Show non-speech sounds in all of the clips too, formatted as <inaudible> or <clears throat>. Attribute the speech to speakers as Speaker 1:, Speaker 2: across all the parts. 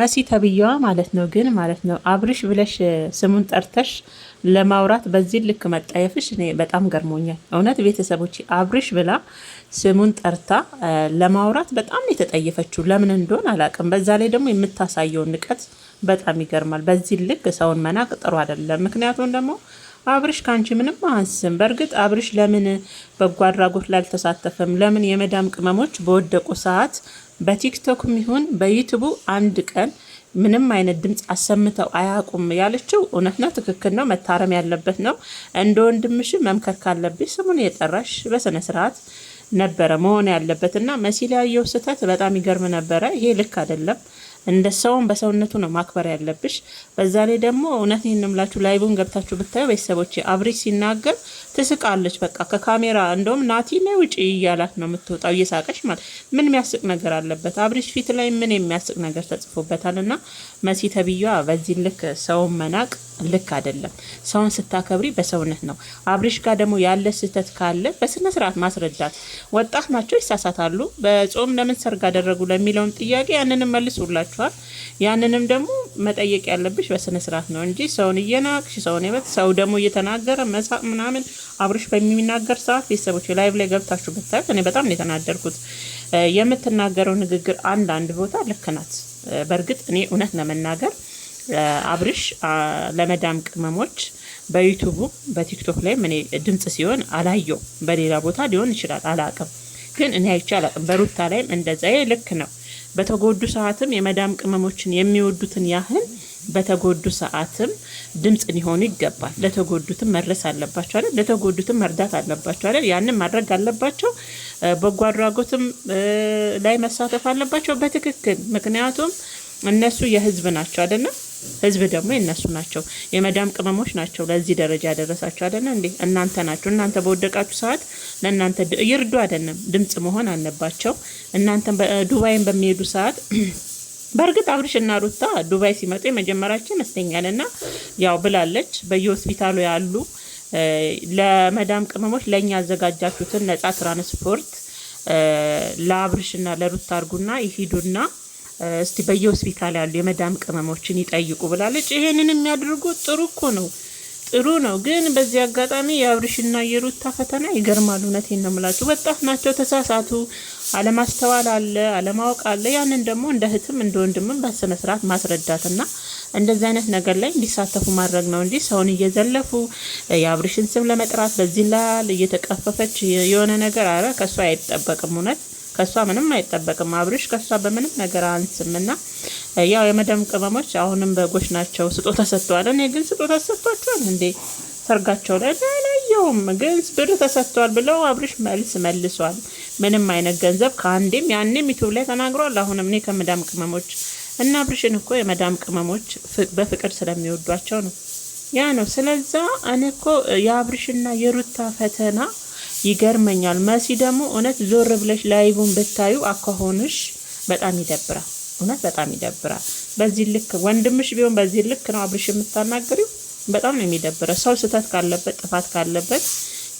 Speaker 1: መሲ ተብዬዋ ማለት ነው ግን ማለት ነው አብርሽ ብለሽ ስሙን ጠርተሽ ለማውራት በዚህ ልክ መጣየፍሽ እኔ በጣም ገርሞኛል። እውነት ቤተሰቦች አብርሽ ብላ ስሙን ጠርታ ለማውራት በጣም የተጠየፈችው ለምን እንደሆን አላውቅም። በዛ ላይ ደግሞ የምታሳየውን ንቀት በጣም ይገርማል። በዚህ ልክ ሰውን መናቅ ጥሩ አይደለም። ምክንያቱም ደግሞ አብርሽ ከአንቺ ምንም አንስም። በእርግጥ አብርሽ ለምን በጎ አድራጎት ላልተሳተፈም? ለምን የመዳም ቅመሞች በወደቁ ሰዓት በቲክቶክም ይሁን በዩቱቡ አንድ ቀን ምንም አይነት ድምፅ አሰምተው አያውቁም ያለችው እውነት ነው፣ ትክክል ነው፣ መታረም ያለበት ነው። እንደ ወንድምሽ መምከር ካለብሽ ስሙን የጠራሽ በስነ ስርዓት ነበረ መሆን ያለበት እና መሲል ያየው ስህተት በጣም ይገርም ነበረ። ይሄ ልክ አይደለም። እንደ ሰውን በሰውነቱ ነው ማክበር ያለብሽ። በዛ ላይ ደግሞ እውነት ይህን ምላችሁ ላይቡን ገብታችሁ ብታዩ ቤተሰቦች አብሪ ሲናገር ትስቃለች። በቃ ከካሜራ እንደውም ናቲ ላይ ውጪ እያላት ነው የምትወጣው እየሳቀች ማለት ምን የሚያስቅ ነገር አለበት? አብሪሽ ፊት ላይ ምን የሚያስቅ ነገር ተጽፎበታል? እና መሲ ተብያ በዚህ ልክ ሰውን መናቅ ልክ አይደለም። ሰውን ስታከብሪ በሰውነት ነው። አብሪሽ ጋር ደግሞ ያለ ስህተት ካለ በስነ ስርዓት ማስረዳት። ወጣት ናቸው፣ ይሳሳታሉ። በጾም ለምን ሰርግ አደረጉ ለሚለውም ጥያቄ ያንንም መልሱላችሁ። ይኖርባችኋል። ያንንም ደግሞ መጠየቅ ያለብሽ በስነ ስርዓት ነው እንጂ ሰውን እየናቅሽ ሰውን የበት ሰው ደግሞ እየተናገረ መሳቅ ምናምን አብርሽ በሚናገር ሰዓት ቤተሰቦች ላይቭ ላይ ገብታችሁ ብታዩት እኔ በጣም የተናደርኩት። የምትናገረው ንግግር አንዳንድ ቦታ ልክ ናት። በእርግጥ እኔ እውነት ለመናገር አብርሽ ለመዳም ቅመሞች በዩቱቡ በቲክቶክ ላይ እኔ ድምጽ ሲሆን አላየው፣ በሌላ ቦታ ሊሆን ይችላል አላቅም፣ ግን እኔ አይቼ አላቅም። በሩታ ላይም እንደዛ ልክ ነው በተጎዱ ሰዓትም የመዳም ቅመሞችን የሚወዱትን ያህል በተጎዱ ሰዓትም ድምፅ ሊሆኑ ይገባል። ለተጎዱትም መድረስ አለባቸው አይደል? ለተጎዱትም መርዳት አለባቸው አይደል? ያንን ማድረግ አለባቸው። በጎ አድራጎትም ላይ መሳተፍ አለባቸው በትክክል ምክንያቱም እነሱ የህዝብ ናቸው አይደለም ህዝብ ደግሞ የነሱ ናቸው፣ የመዳም ቅመሞች ናቸው። ለዚህ ደረጃ ያደረሳቸው አደለ እንዴ? እናንተ ናችሁ። እናንተ በወደቃችሁ ሰዓት ለእናንተ ይርዱ አደለም? ድምጽ መሆን አለባቸው። እናንተ ዱባይን በሚሄዱ ሰዓት <clears throat> በእርግጥ አብርሽ እና ሩታ ዱባይ ሲመጡ የመጀመሪያቸው ይመስለኛል እና ያው ብላለች በየሆስፒታሉ ያሉ ለመዳም ቅመሞች ለእኛ ያዘጋጃችሁትን ነጻ ትራንስፖርት ለአብርሽና ለሩታ አድርጉና ይሂዱና እስቲ በየሆስፒታል ያሉ የመዳም ቅመሞችን ይጠይቁ ብላለች። ይሄንን የሚያደርጉት ጥሩ እኮ ነው፣ ጥሩ ነው። ግን በዚህ አጋጣሚ የአብርሽና የሩታ ፈተና ይገርማል። እውነቴን ነው የምላችሁ። ወጣት ናቸው፣ ተሳሳቱ። አለማስተዋል አለ፣ አለማወቅ አለ። ያንን ደግሞ እንደ እህትም እንደ ወንድምም በስነ ስርዓት ማስረዳትና እንደዚህ አይነት ነገር ላይ እንዲሳተፉ ማድረግ ነው እንጂ ሰውን እየዘለፉ የአብርሽን ስም ለመጥራት በዚህ ላል እየተቀፈፈች የሆነ ነገር አረ ከእሷ አይጠበቅም እውነት ከእሷ ምንም አይጠበቅም። አብርሽ ከእሷ በምንም ነገር አንስም እና ያው የመደም ቅመሞች አሁንም በጎች ናቸው። ስጦታ ሰጥተዋል። እኔ ግን ስጦታ ሰጥቷቸዋል እንዴ ሰርጋቸው ላይ አላየሁም። ግን ብር ተሰጥቷል ብለው አብርሽ መልስ መልሷል። ምንም አይነት ገንዘብ ከአንዴም ያኔም ዩቱብ ላይ ተናግሯል። አሁንም እኔ ከመዳም ቅመሞች እና አብርሽን እኮ የመዳም ቅመሞች በፍቅር ስለሚወዷቸው ነው ያ ነው። ስለዛ እኔ እኮ የአብርሽና የሩታ ፈተና ይገርመኛል። መሲ ደግሞ እውነት ዞር ብለሽ ላይቡን ብታዩ አካሆንሽ በጣም ይደብራል። እውነት በጣም ይደብራል። በዚህ ልክ ወንድምሽ ቢሆን በዚህ ልክ ነው አብርሽ የምታናግሪው። በጣም ነው የሚደብረው። ሰው ስህተት ካለበት ጥፋት ካለበት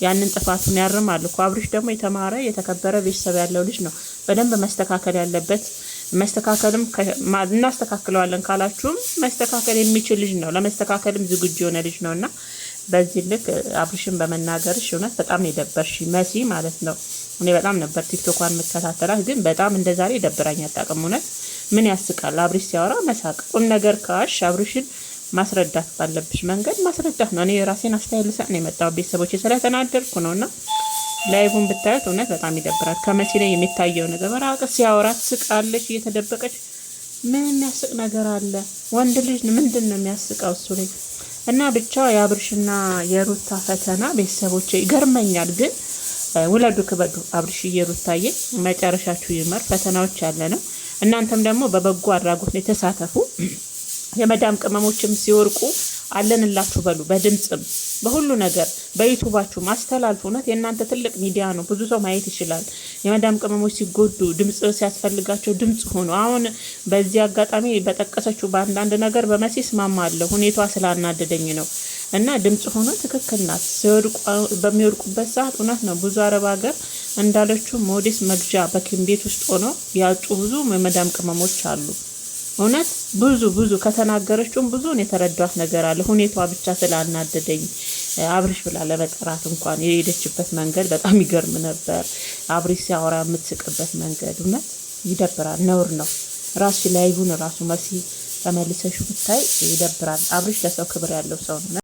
Speaker 1: ያንን ጥፋቱን ያርማል እኮ። አብርሽ ደግሞ የተማረ የተከበረ ቤተሰብ ያለው ልጅ ነው። በደንብ መስተካከል ያለበት መስተካከልም እናስተካክለዋለን ካላችሁም መስተካከል የሚችል ልጅ ነው። ለመስተካከልም ዝግጁ የሆነ ልጅ ነው እና በዚህ ልክ አብርሽን በመናገርሽ እውነት በጣም ነው የደበርሽ መሲ ማለት ነው። እኔ በጣም ነበር ቲክቶኳን የምከታተላት፣ ግን በጣም እንደ ዛሬ ደብራኝ አጣቅም። እውነት ምን ያስቃል አብርሽ ሲያወራ መሳቅ። ቁም ነገር ካሽ አብርሽን ማስረዳት ባለብሽ መንገድ ማስረዳት ነው። እኔ የራሴን አስተያየት ልሰጥ ነው የመጣው ቤተሰቦች ስለተናደርኩ ነው። እና ላይቡን ብታዩት እውነት በጣም ይደብራል። ከመሲ ላይ የሚታየው ነገር በራቅ ሲያወራ ትስቃለች እየተደበቀች ምን የሚያስቅ ነገር አለ? ወንድ ልጅ ምንድን ነው የሚያስቀው እሱ ላይ እና ብቻ የአብርሽና የሩታ ፈተና ቤተሰቦች ይገርመኛል። ግን ውለዱ ክበዱ፣ አብርሽ የሩታዬ መጨረሻችሁ ይመር። ፈተናዎች ያለ ነው። እናንተም ደግሞ በበጎ አድራጎት ነው የተሳተፉ። የመዳም ቅመሞችም ሲወርቁ አለንላችሁ በሉ፣ በድምፅም በሁሉ ነገር በዩቱባችሁ ማስተላልፍ እውነት የእናንተ ትልቅ ሚዲያ ነው። ብዙ ሰው ማየት ይችላል። የመዳም ቅመሞች ሲጎዱ ድምፅ ሲያስፈልጋቸው ድምጽ ሆኑ። አሁን በዚህ አጋጣሚ በጠቀሰችው በአንዳንድ ነገር በመሲ እስማማለሁ። ሁኔታዋ ስላናደደኝ ነው እና ድምጽ ሆኖ ትክክል ናት። በሚወድቁበት ሰዓት እውነት ነው። ብዙ አረብ ሀገር እንዳለችው ሞዴስ መግዣ በኪም ቤት ውስጥ ሆኖ ያጩ ብዙ የመዳም ቅመሞች አሉ። እውነት ብዙ ብዙ ከተናገረችውም ብዙን የተረዷት ነገር አለ። ሁኔታዋ ብቻ ስላናደደኝ አብርሽ ብላ ለመጠራት እንኳን የሄደችበት መንገድ በጣም ይገርም ነበር። አብርሽ ሲያወራ የምትስቅበት መንገድ እውነት ይደብራል፣ ነውር ነው። ራሱ ላይቡን ራሱ መሲ ተመልሰሹ ብታይ ይደብራል። አብርሽ ለሰው ክብር ያለው ሰው ነው።